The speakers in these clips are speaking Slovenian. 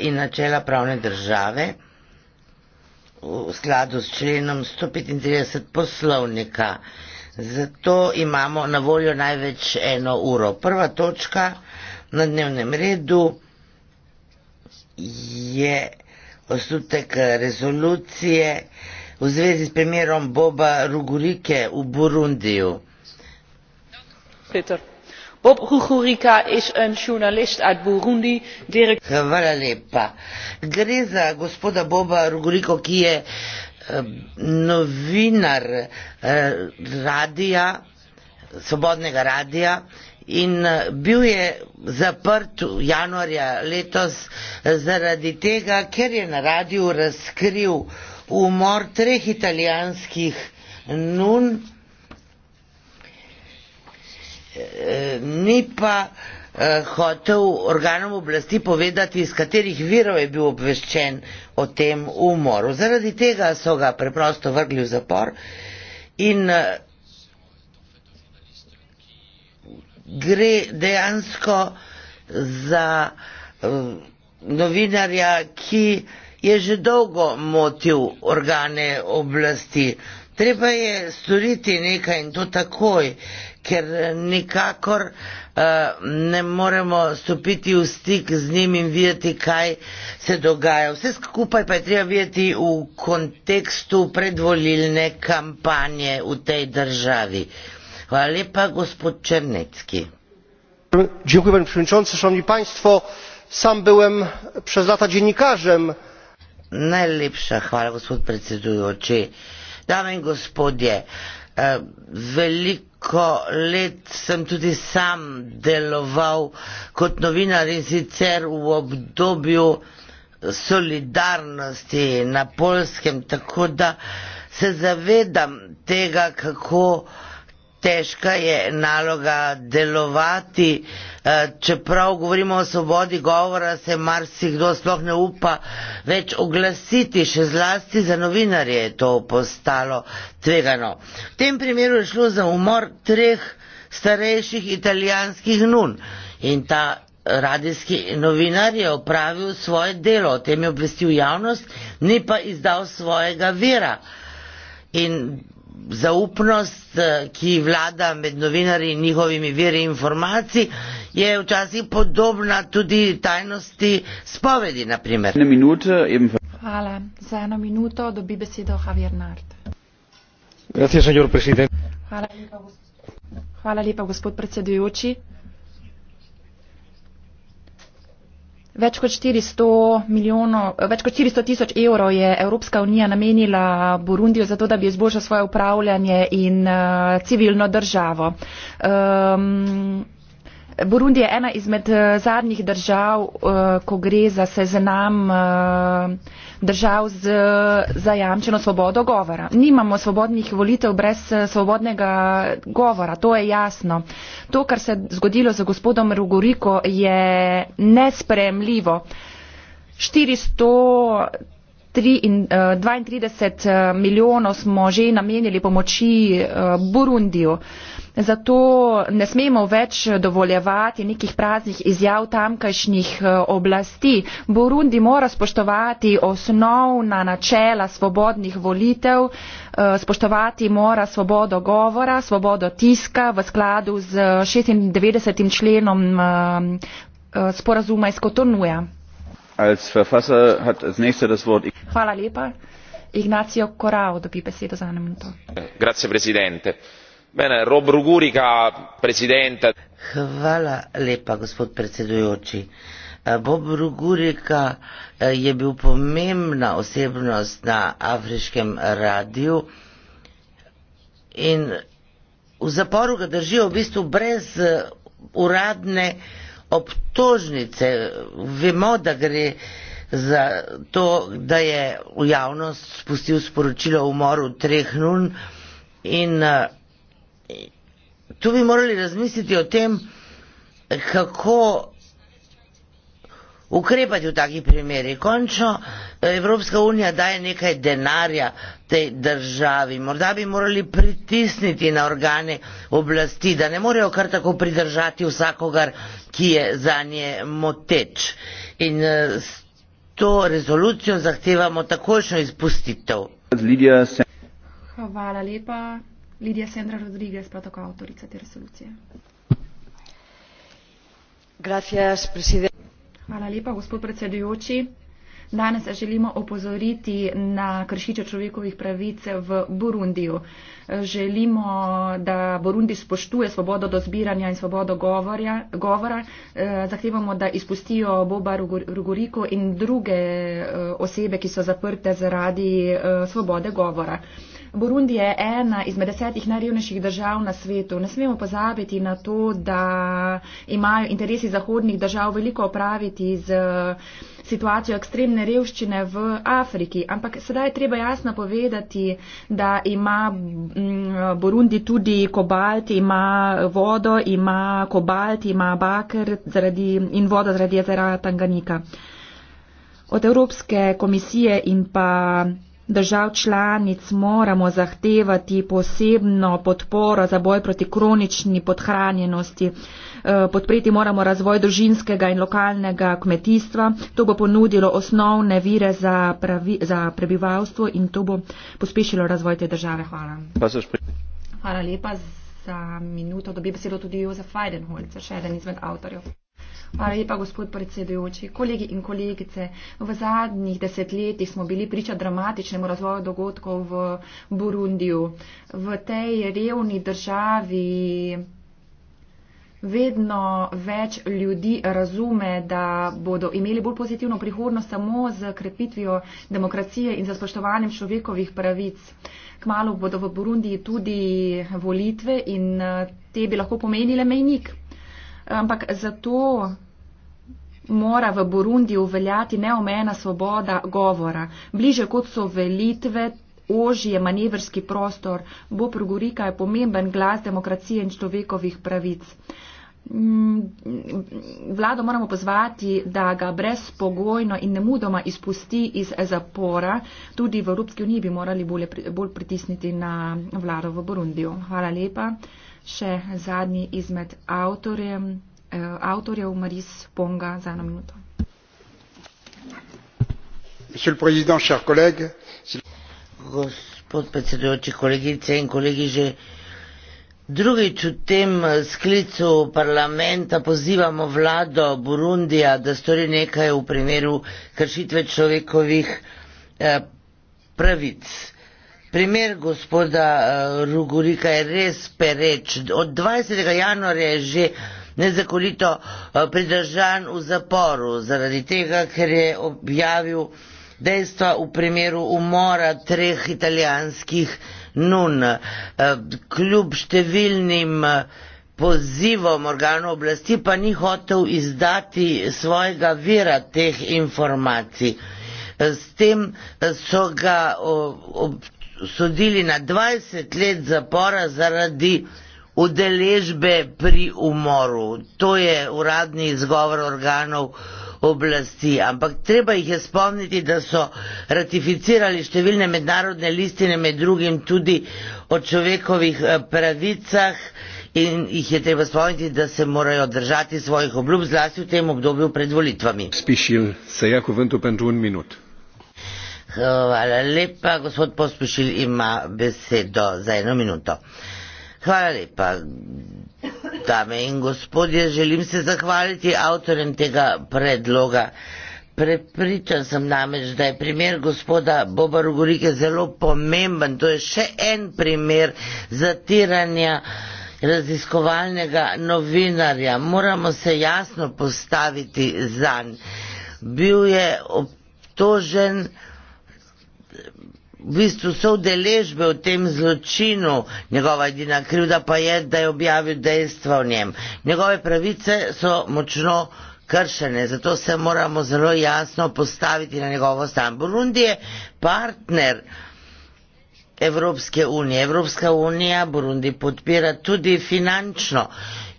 in načela pravne države v skladu s členom 135 poslovnika. Zato imamo na voljo največ eno uro. Prva točka na dnevnem redu je osnutek rezolucije v zvezi s primerom Boba Rugurike v Burundiju. Peter bob rugurika is een journalist uit burundi gre za gospoda boba rugurika ki je novinar eh, radija svobodnega radija in eh, bil je zaprt januarja letos eh, zaradi tega ker je na radiju razkril umor treh italijanskih nun ni pa eh, hotel organom oblasti povedati, iz katerih virov je bil obveščen o tem umoru. Zaradi tega so ga preprosto vrgli v zapor in eh, gre dejansko za eh, novinarja, ki je že dolgo motil organe oblasti. Treba je storiti nekaj in to takoj, ker nikakor uh, ne moremo stopiti v stik z njim in videti, kaj se dogaja. Vse skupaj pa je treba videti v kontekstu predvolilne kampanje v tej državi. Hvala lepa, gospod Črnecki. Dziękuję panie przewodniczący, szanowni państwo. Sam byłem przez lata dziennikarzem. Najlepsza chwała, gospod przewodniczący. Dame in gospodje, eh, veliko let sem tudi sam deloval kot novinar in sicer v obdobju solidarnosti na polskem, tako da se zavedam tega, kako težka je naloga delovati, eh, čeprav govorimo o svobodi govora, se marsikdo sploh ne upa več oglasiti, še zlasti za novinarje je to postalo tvegano. V tem primeru je šlo za umor treh starejših italijanskih nun in ta radijski novinar je opravil svoje delo, o tem je obvestil javnost, ni pa izdal svojega vira. In zaupnost eh, ki vlada med novinarji in njihovimi viri informacij je včasih podobna tudi tajnosti spovedi naprimer. Hvala. Za eno minuto dobi besedo Javier Nart. Hvala lepa, gospod predsedujoči. Več kot 400 milijonov, več kot 400 tisoč evrov je Evropska unija namenila Burundijo za to, da bi izboljšal svoje upravljanje in uh, civilno državo. Um, Burundi je ena izmed eh, zadnjih držav, eh, ko gre za seznam eh, držav z zajamčeno svobodo govora. Nimamo svobodnih volitev brez svobodnega govora, to je jasno. To, kar se je zgodilo z gospodom Rugoriko, je nespremljivo. 400 32 eh, eh, milijonov smo že namenili pomoči eh, Burundiju. Zato ne smemo več dovoljevati nekih praznih izjav tamkajšnjih oblasti. Burundi mora spoštovati osnovna načela svobodnih volitev, spoštovati mora svobodo govora, svobodo tiska v skladu z 96. členom sporazuma iz Kotonuja signor presidente onorevoli colleghi rob rugurika presidente. hvala lepa gospod predsedujoči. Eh, bob rugurika eh, je bil pomembna osebnost na afriškem radiu in v zaporu ga držijo v bistvu brez eh, uradne obtožnice, vemo, da gre za to, da je v javnost spustil sporočilo o umoru treh nun in uh, tu bi morali razmisliti o tem, kako ukrepati v takih primerih. Končno eh, Evropska unija daje nekaj denarja tej državi. Morda bi morali pritisniti na organe oblasti, da ne morejo kar tako pridržati vsakogar, ki je za nje moteč. In eh, s to rezolucijo zahtevamo takošno izpustitev. Hvala lepa. Lidija Sendra Rodriguez, protokol avtorica te resolucije. Gracias, presidente. Hvala lepa, gospod predsedujoči. Danes želimo opozoriti na kršitev človekovih pravic v Burundiju. Želimo, da Burundi spoštuje svobodo do zbiranja in svobodo govorja, govora. Eh, zahtevamo, da izpustijo Boba Rugoriko in druge eh, osebe, ki so zaprte zaradi eh, svobode govora. Burundi je ena izmed desetih najrevnejših držav na svetu. Ne smemo pozabiti na to, da imajo interesi zahodnih držav veliko opraviti z eh, situacijo ekstremne revščine v Afriki. Ampak sedaj je treba jasno povedati, da ima mm, Burundi tudi kobalt, ima vodo, ima kobalt, ima baker zaradi, in voda zaradi jezera Tanganika. Od Evropske komisije in pa držav članic moramo zahtevati posebno podporo za boj proti kronični podhranjenosti. Eh, podpreti moramo razvoj družinskega in lokalnega kmetijstva. To bo ponudilo osnovne vire za, pravi, za prebivalstvo in to bo pospešilo razvoj te države. Hvala. Hvala lepa za minuto. Dobi besedo tudi Jozef Weidenholzer, še eden izmed avtorjev. Hvala lepa, gospod predsedujoči. Kolegi in kolegice, v zadnjih desetletjih smo bili priča dramatičnemu razvoju dogodkov v Burundiju. V tej revni državi vedno več ljudi razume, da bodo imeli bolj pozitivno prihodnost samo z krepitvijo demokracije in za spoštovanjem človekovih pravic. Kmalo bodo v Burundiji tudi volitve in eh, te bi lahko pomenile mejnik ampak zato mora v Burundi uveljati neomena svoboda govora. Bliže kot so velitve, ožje manevrski prostor, bo progurika je pomemben glas demokracije in človekovih pravic. Mm, vlado moramo pozvati, da ga brezpogojno in nemudoma izpusti iz zapora. Tudi v Evropski uniji bi morali bolj pritisniti na vlado v Burundiju. Hvala lepa še zadnji izmed avtorjem, eh, avtorjev Maris Ponga za eno minuto. Gospod predsedujoči, kolegice in kolegi, že drugič v tem sklicu parlamenta pozivamo vlado Burundija, da stori nekaj v primeru kršitve človekovih eh, pravic. Primer gospoda eh, Rugurika je res pereč. Od 20. januarja je že nezakonito eh, pridržan v zaporu zaradi tega, ker je objavil dejstva v primeru umora treh italijanskih nun. Eh, kljub številnim pozivom organov oblasti pa ni hotel izdati svojega vira teh informacij. S tem so ga obtožili sodili na 20 let zapora zaradi udeležbe pri umoru. To je uradni izgovor organov oblasti. Ampak treba jih je spomniti, da so ratificirali številne mednarodne listine, med drugim tudi o človekovih eh, pravicah in jih je treba spomniti, da se morajo držati svojih obljub, zlasti v tem obdobju pred volitvami. Spišil se je, ko vendu pendun minut. Hvala lepa, gospod Pospešil ima besedo za eno minuto. Hvala lepa, dame in gospodje, želim se zahvaliti avtorem tega predloga. Prepričan sem namreč, da je primer gospoda Boba Rugurike zelo pomemben. To je še en primer zatiranja raziskovalnega novinarja. Moramo se jasno postaviti zanj. Bil je obtožen, v bistvu so udeležbe v tem zločinu, njegova edina krivda pa je, da je objavil dejstva o njem. Njegove pravice so močno kršene, zato se moramo zelo jasno postaviti na njegovo stran. Burundi je partner Evropske unije. Evropska unija Burundi podpira tudi finančno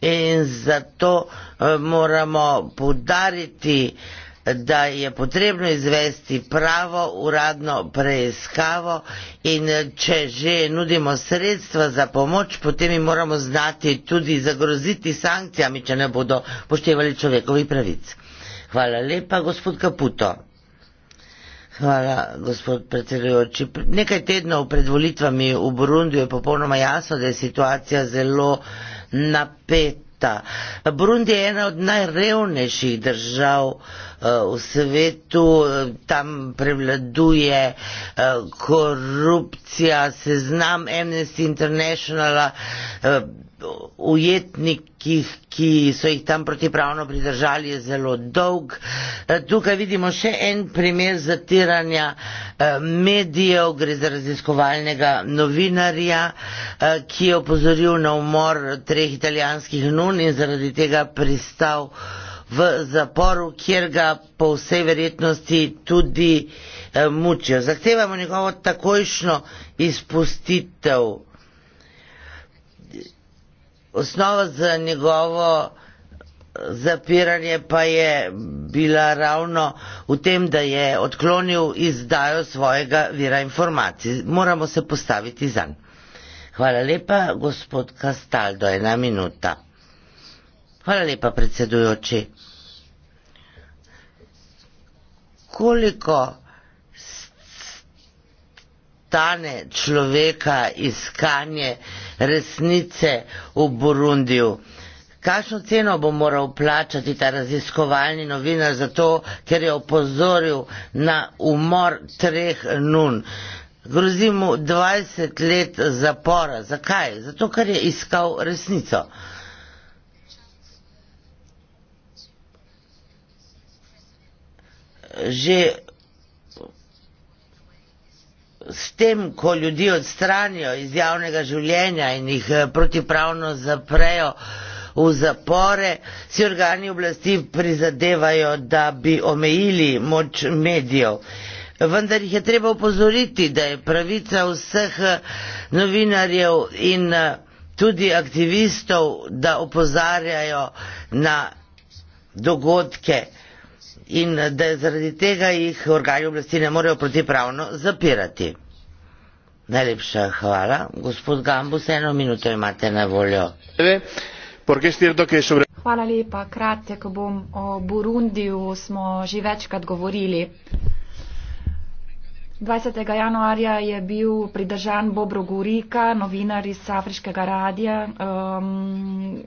in zato eh, moramo podariti uh, da je potrebno izvesti pravo uradno preiskavo in če že nudimo sredstva za pomoč, potem jim moramo znati tudi zagroziti sankcijami, če ne bodo poštevali človekovi pravic. Hvala lepa, gospod Kaputo. Hvala, gospod predsedujoči. Nekaj tednov pred volitvami v Burundiju je popolnoma jasno, da je situacija zelo napeta leta. Burundi je ena od najrevnejših držav eh, v svetu, eh, tam prevladuje eh, korupcija, seznam Amnesty Internationala ujetnikih, ki so jih tam protipravno pridržali, je zelo dolg. E, tukaj vidimo še en primer zatiranja e, medijev, gre za raziskovalnega novinarja, e, ki je opozoril na umor treh italijanskih nun in zaradi tega pristal v zaporu, kjer ga po vsej verjetnosti tudi mučijo. Zahtevamo njegovo takojšno izpustitev. Osnova za njegovo eh, zapiranje pa je bila ravno v tem, da je odklonil izdajo svojega vira informacij. Moramo se postaviti za njega. Hvala lepa, gospod Kastaldo, ena minuta. Hvala lepa, predsedujoči. Koliko stane človeka iskanje resnice v Burundiju. Kakšno ceno bo moral plačati ta raziskovalni novinar za to, ker je opozoril na umor treh nun? Grozi mu 20 let zapora. Zakaj? Zato, ker je iskal resnico. Že s tem, ko ljudi odstranijo iz javnega življenja in jih eh, protipravno zaprejo v zapore, si organi oblasti prizadevajo, da bi omejili moč medijev. Vendar jih je treba upozoriti, da je pravica vseh eh, novinarjev in eh, tudi aktivistov, da opozarjajo na dogodke in da zaradi tega jih organi oblasti ne morejo protipravno zapirati. Najlepša hvala. Gospod Gambus, eno minuto imate na voljo. Hvala lepa. Kratek bom o Burundiju, smo že večkrat govorili. 20. januarja je bil pridržan Bobro Gurika, novinar iz Afriškega radija. Um,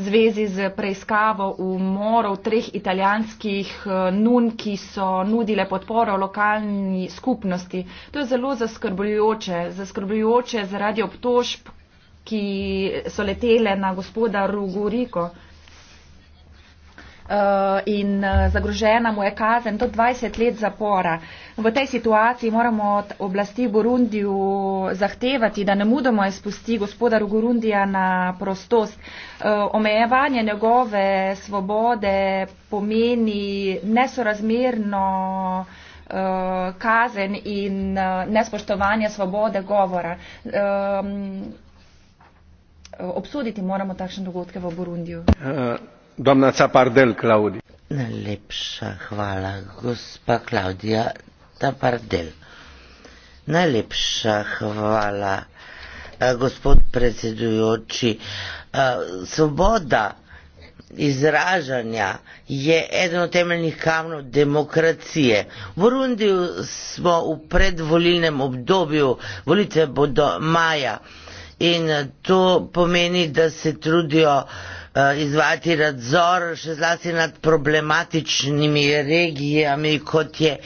zvezi z preiskavo umorov treh italijanskih eh, nun, ki so nudile podporo lokalni skupnosti. To je zelo zaskrbljujoče, zaskrbljujoče zaradi obtožb, ki so letele na gospoda Rugoriko. Eh, in eh, zagrožena mu je kazen do 20 let zapora. V tej situaciji moramo od oblasti Burundiju zahtevati, da ne mudoma izpusti gospoda Rugurundija na prostost. Eh, omejevanje njegove svobode pomeni nesorazmerno kazen in nespoštovanje svobode govora. Obsoditi moramo takšne dogodke v Burundiju. Uh najlepša hvala gospa Klaudija Tapardel. Najlepša hvala gospod predsedujoči. Svoboda izražanja je eden od temeljnih kamnov demokracije. V Rundiju smo v predvolilnem obdobju, volitve bodo maja in to pomeni, da se trudijo Eh, izvajati nadzor, še zlasti nad problematičnimi regijami, kot je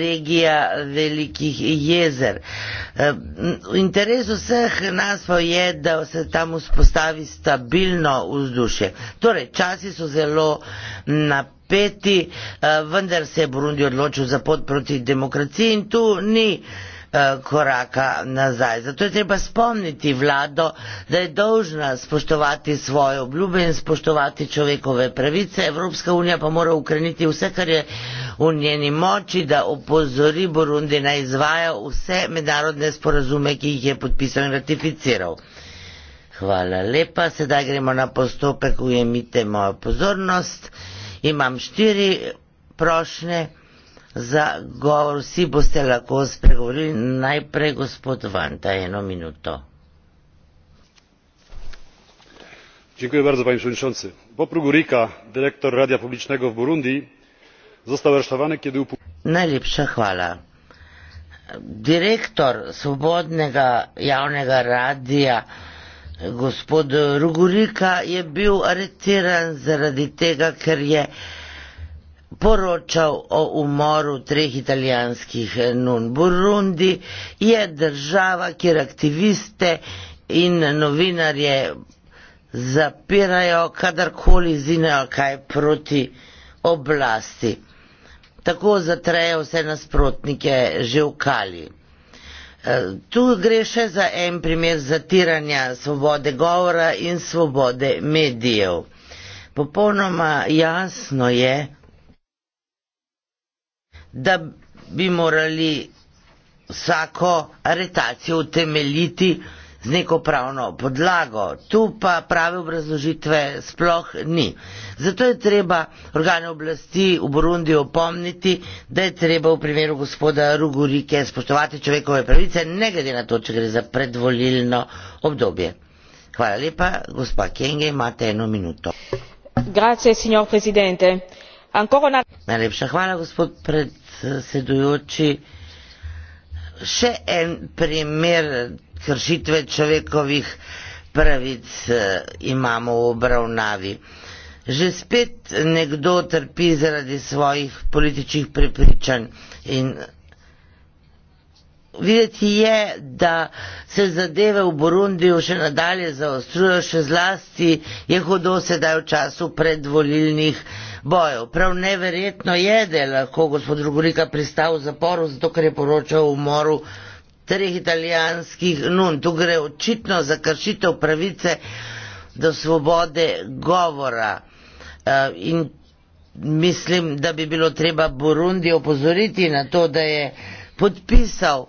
regija velikih jezer. V eh, interesu vseh nas pa je, da se tam vzpostavi stabilno vzdušje. Torej, časi so zelo napeti, eh, vendar se je Burundi odločil za pot proti demokraciji in tu ni Eh, koraka nazaj. Zato je treba spomniti vlado, da je dolžna spoštovati svoje obljube in spoštovati človekove pravice. Evropska unija pa mora ukreniti vse, kar je v njeni moči, da opozori Burundi na izvaja vse mednarodne sporazume, ki jih je podpisal in ratificiral. Hvala lepa, sedaj gremo na postopek, ujemite mojo pozornost. Imam štiri prošnje za govor vsi boste lahko spregovorili. Najprej gospod Vanta, eno minuto. Dziękuję bardzo panie przewodniczący. Poprug Rika, dyrektor Radia Publicznego w Burundi, został aresztowany, kiedy upu... Najlepsza chwala. Dyrektor Swobodnego Jawnego Radia, gospod Rugurika, je był aresztowany z tego, ker je... Je poročal o umoru treh italijanskih eh, nun. Burundi je država, kjer aktiviste in novinarje zapirajo, kadarkoli zinejo kaj proti oblasti. Tako zatreje vse nasprotnike že v kali. Eh, tu gre še za en primer zatiranja svobode govora in svobode medijev. Popolnoma jasno je, da bi morali vsako aretacijo utemeljiti z neko pravno podlago. Tu pa prave obrazložitve sploh ni. Zato je treba organe oblasti v Burundi opomniti, da je treba v primeru gospoda Rugurike spoštovati človekove pravice, ne glede na to, če gre za predvolilno obdobje. Hvala lepa, gospa Kenge, imate eno minuto. Grazie, signor Presidente. Ancora una... Najlepša hvala, gospod pred, predsedujoči. Še en primer kršitve človekovih pravic eh, imamo v obravnavi. Že spet nekdo trpi zaradi svojih političnih prepričanj in videti je, da se zadeve v Burundiju še nadalje zaostrujo, še zlasti je hudo sedaj v času predvolilnih bojev. Prav neverjetno je, da je lahko gospod Rugurika pristal v zaporu, zato ker je poročal o umoru treh italijanskih nun. Tu gre očitno za kršitev pravice do svobode govora. Eh, in mislim, da bi bilo treba Burundi opozoriti na to, da je podpisal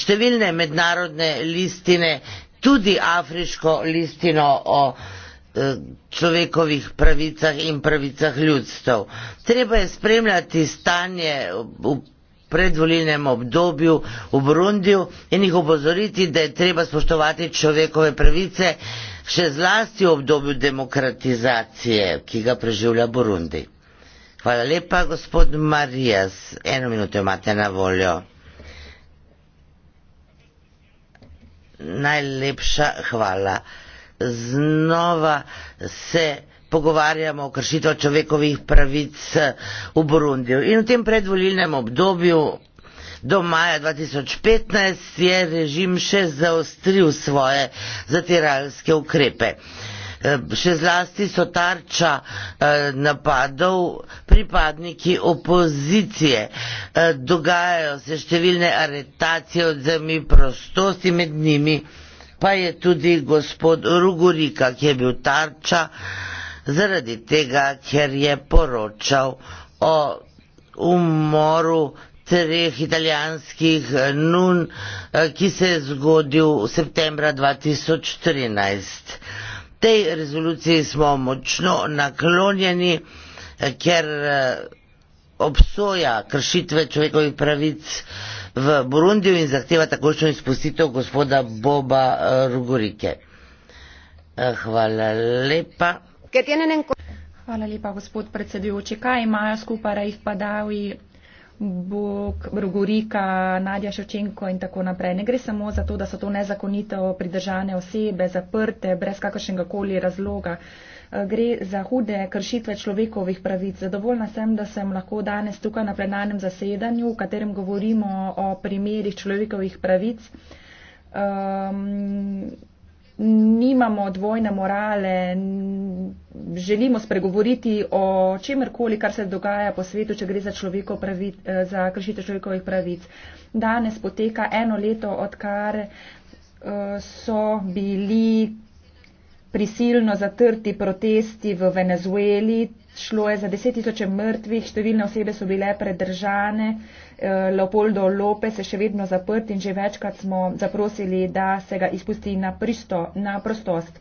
številne mednarodne listine, tudi afriško listino o e, človekovih pravicah in pravicah ljudstv. Treba je spremljati stanje v predvolilnem obdobju v Burundiju in jih opozoriti, da je treba spoštovati človekove pravice še zlasti v obdobju demokratizacije, ki ga preživlja Burundi. Hvala lepa, gospod Marijas. Eno minuto imate na voljo. Najlepša hvala. Znova se pogovarjamo o kršitvi človekovih pravic v Burundiju. In v tem predvolilnem obdobju do maja 2015 je režim še zaostril svoje zatiralske ukrepe. Eh, še zlasti so tarča eh, napadov pripadniki opozicije. Eh, dogajajo se številne aretacije odzemi prostosti med njimi, pa je tudi gospod Rugurika, ki je bil tarča zaradi tega, ker je poročal o umoru treh italijanskih nun, ki se je zgodil v septembra 2013 tej rezoluciji smo močno naklonjeni, ker eh, obsoja kršitve človekovih pravic v Burundiju in zahteva takošno izpustitev gospoda Boba eh, Rugurike. Eh, hvala lepa. Hvala lepa, gospod predsedujoči. Kaj imajo skupaj Raif Padavi Bog, Rogorika, Nadja Ševčenko in tako naprej. Ne gre samo za to, da so to nezakonito pridržane osebe, zaprte, brez kakršnega koli razloga. Eh, gre za hude kršitve človekovih pravic. Zadovoljna sem, da sem lahko danes tukaj na plenarnem zasedanju, v katerem govorimo o primerih človekovih pravic. Um, nimamo dvojne morale, želimo spregovoriti o čemerkoli, kar se dogaja po svetu, če gre za, eh, za kršitev človekovih pravic. Danes poteka eno leto, odkar eh, so bili prisilno zatrti protesti v Venezueli, šlo je za deset tisoče mrtvih, številne osebe so bile predržane, eh, Leopoldo Lopes je še vedno zaprt in že večkrat smo zaprosili, da se ga izpusti na, pristo, na prostost.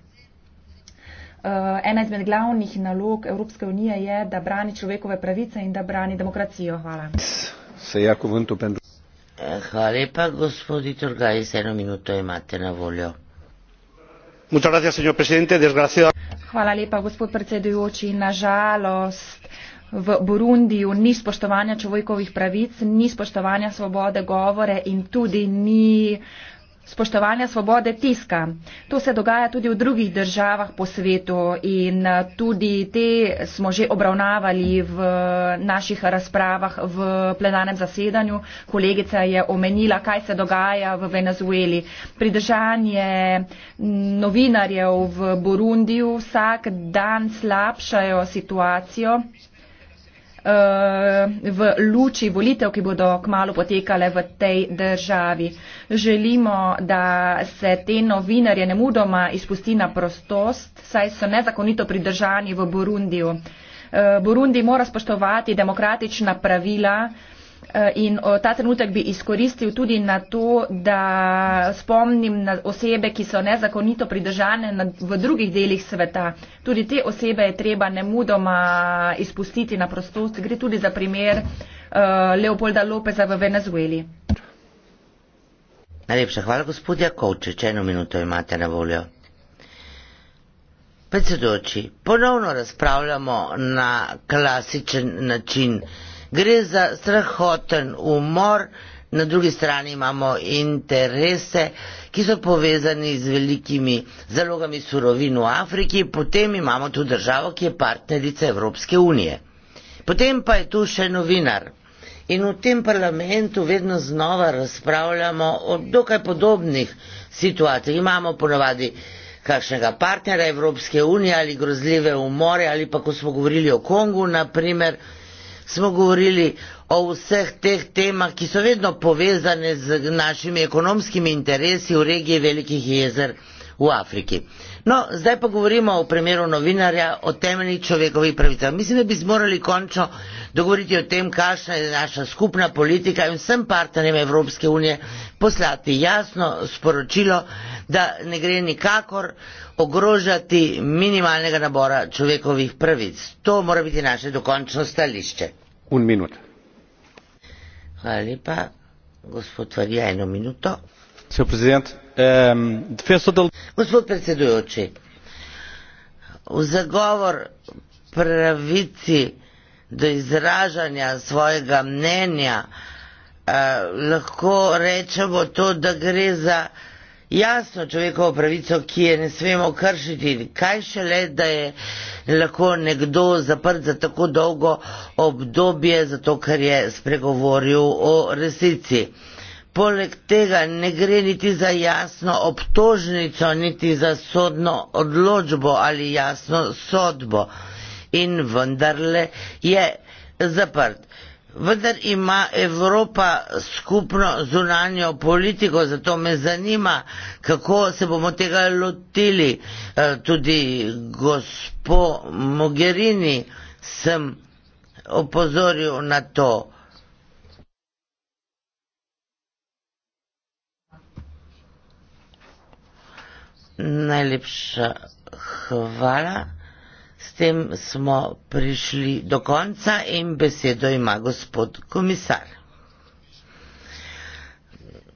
Eh, ena izmed glavnih nalog Evropske unije je, da brani človekove pravice in da brani demokracijo. Hvala. Ja, eh, hvala lepa, gospodi Torgaj, z eno minuto imate na voljo. Hvala lepa, gospod predsedujoči. Nažalost, v Burundiju ni spoštovanja človekovih pravic, ni spoštovanja svobode govore in tudi ni uh, spoštovanja svobode tiska. To se dogaja tudi v drugih državah po svetu in eh, tudi te smo že obravnavali v naših razpravah v plenarnem zasedanju. Kolegica je omenila, kaj se dogaja v Venezueli. Pridržanje mm, novinarjev v Burundiju vsak dan slabšajo situacijo Eh, v luči volitev, ki bodo kmalo potekale v tej državi. Želimo, da se te novinarje ne mudoma izpusti na prostost, saj so nezakonito pridržani v Burundiju. Eh, Burundi mora spoštovati demokratična pravila, Eh, in eh, ta trenutek bi izkoristil tudi na to, da spomnim na osebe, ki so nezakonito pridržane v drugih delih sveta. Tudi te osebe je treba nemudoma izpustiti na prostost. Gre tudi za primer eh, Leopolda Lopeza v Venezueli. Najlepša hvala, gospod Jakovček. Eno minuto imate na voljo. Predsedujoči, ponovno razpravljamo na klasičen način gre za strahoten umor, na drugi strani imamo interese, ki so povezani z velikimi zalogami surovin v Afriki, potem imamo tu državo, ki je partnerica Evropske unije. Potem pa je tu še novinar. In v tem parlamentu vedno znova razpravljamo o dokaj podobnih situacijah. Imamo ponovadi kakšnega partnera Evropske unije ali grozljive umore ali pa ko smo govorili o Kongu, naprimer, smo govorili o vseh teh temah, ki so vedno povezane z našimi ekonomskimi interesi v regiji velikih jezer v Afriki. No, zdaj pa govorimo o primeru novinarja, o temeljnih človekovih pravicah. Mislim, da bi morali končno dogovoriti o tem, kakšna je naša skupna politika in vsem partnerjem Evropske unije poslati jasno sporočilo, da ne gre nikakor ogrožati minimalnega nabora človekovih pravic. To mora biti naše dokončno stališče. Un minut. Hvala lepa, gospod Varija, eno minuto. Ehm, gospod predsedujoči v zagovor pravici do izražanja svojega mnenja eh, lahko rečemo to, da gre za jasno človekovo pravico, ki je ne smemo kršiti. Kaj šele, da je lahko nekdo zaprt za tako dolgo obdobje, zato ker je spregovoril o resnici. Poleg tega ne gre niti za jasno obtožnico, niti za sodno odločbo ali jasno sodbo. In vendarle je zaprt. Vendar ima Evropa skupno zunanjo politiko, zato me zanima, kako se bomo tega lotili. Eh, tudi gospod Mogherini sem opozoril na to. najlepša hvala. S tem smo prišli do konca in besedo ima gospod komisar.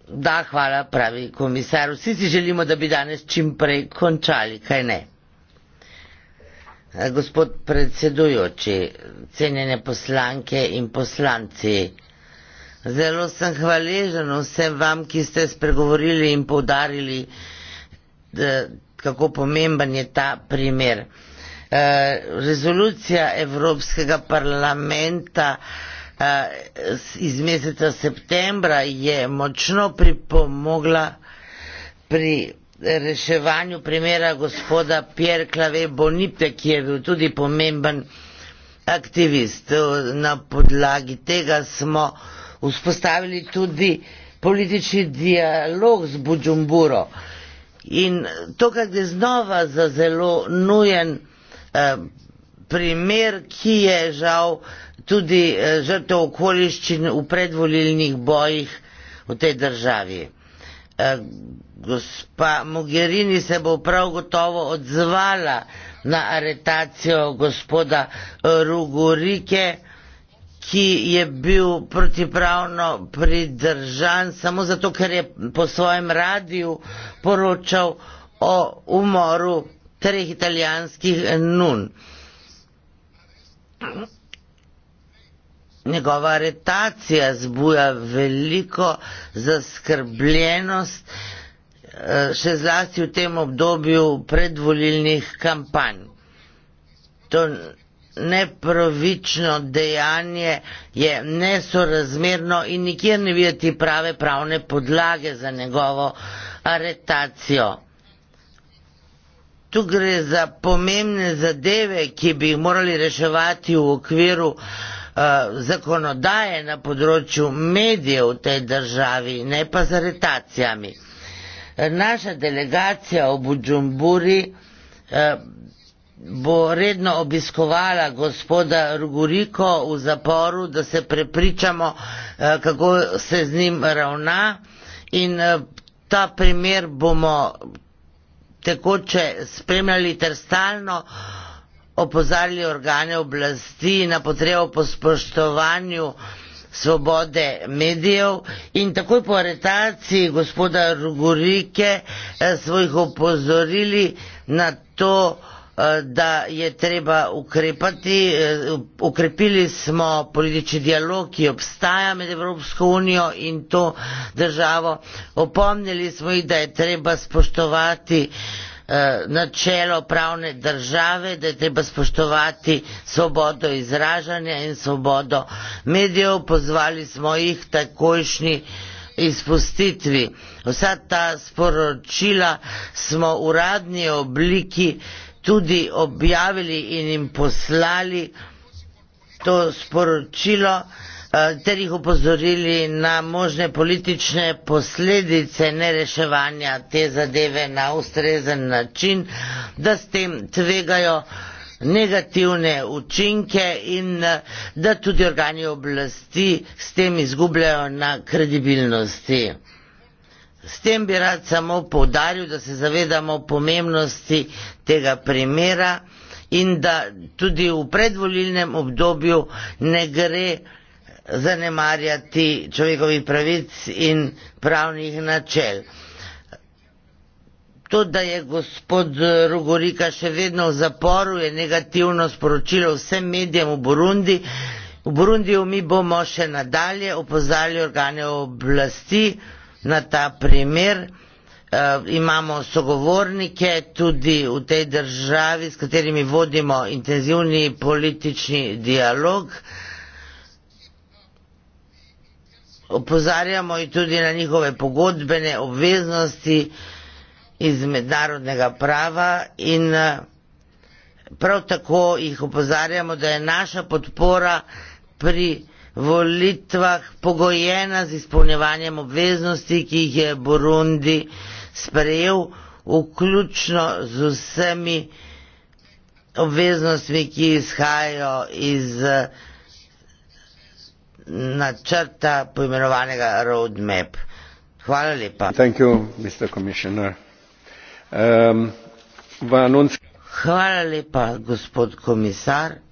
Da, hvala, pravi komisar. Vsi si želimo, da bi danes čim prej končali, kaj ne. Gospod predsedujoči, cenjene poslanke in poslanci, zelo sem hvaležen vsem vam, ki ste spregovorili in povdarili, Eh, kako pomemben je ta primer. Eh, Rezolucija Evropskega parlamenta eh, iz meseca septembra je močno pripomogla pri reševanju primera gospoda Pierre Clave Bonite, ki je bil tudi pomemben aktivist. Na podlagi tega smo vzpostavili tudi politični dialog z Budžumburo. Uh, In to, kar je znova za zelo nujen eh, primer, ki je žal tudi eh, žrtev okoliščin v predvolilnih bojih v tej državi. Eh, gospa Mogherini se bo prav gotovo odzvala na aretacijo gospoda Rugurike ki je bil protipravno pridržan samo zato, ker je po svojem radiju poročal o umoru treh italijanskih nun. Njegova aretacija zbuja veliko zaskrbljenost, eh, še zlasti v tem obdobju predvolilnih kampanj. To nepravično dejanje je nesorazmerno in nikjer ne videti prave pravne podlage za njegovo aretacijo. Tu gre za pomembne zadeve, ki bi jih morali reševati v okviru uh, zakonodaje na področju medijev v tej državi, ne pa z aretacijami. Naša delegacija v Budžumburi uh, eh, bo redno obiskovala gospoda Ruguriko v zaporu, da se prepričamo, eh, kako se z njim ravna in eh, ta primer bomo tekoče spremljali ter stalno opozarjali organe oblasti na potrebo po spoštovanju svobode medijev in takoj po aretaciji gospoda Rugurike eh, smo jih opozorili na to, Eh, da je treba ukrepati. Eh, ukrepili smo politični dialog, ki obstaja med Evropsko unijo in to državo. Opomnili smo jih, da je treba spoštovati eh, načelo pravne države, da je treba spoštovati svobodo izražanja in svobodo medijev. Pozvali smo jih takojšnji izpustitvi. Vsa ta sporočila smo v uradni obliki tudi objavili in jim poslali to sporočilo eh, ter jih upozorili na možne politične posledice nereševanja te zadeve na ustrezen način, da s tem tvegajo negativne učinke in eh, da tudi organi oblasti s tem izgubljajo na kredibilnosti. S tem bi rad samo povdaril, da se zavedamo pomembnosti tega primera in da tudi v predvolilnem obdobju ne gre zanemarjati človekovih pravic in pravnih načel. To, da je gospod Rugorika še vedno v zaporu, je negativno sporočilo vsem medijem v Burundi. V Burundiju mi bomo še nadalje opozarjali organe oblasti, na ta primer. Eh, imamo sogovornike tudi v tej državi, s katerimi vodimo intenzivni politični dialog. Opozarjamo jih tudi na njihove pogodbene obveznosti iz mednarodnega prava in eh, prav tako jih opozarjamo, da je naša podpora pri volitvah pogojena z izpolnjevanjem obveznosti, ki jih je Burundi sprejel, vključno z vsemi obveznostmi, ki izhajajo iz načrta poimenovanega roadmap. Hvala lepa. Thank you, Mr. Commissioner. Um, Hvala lepa, gospod komisar.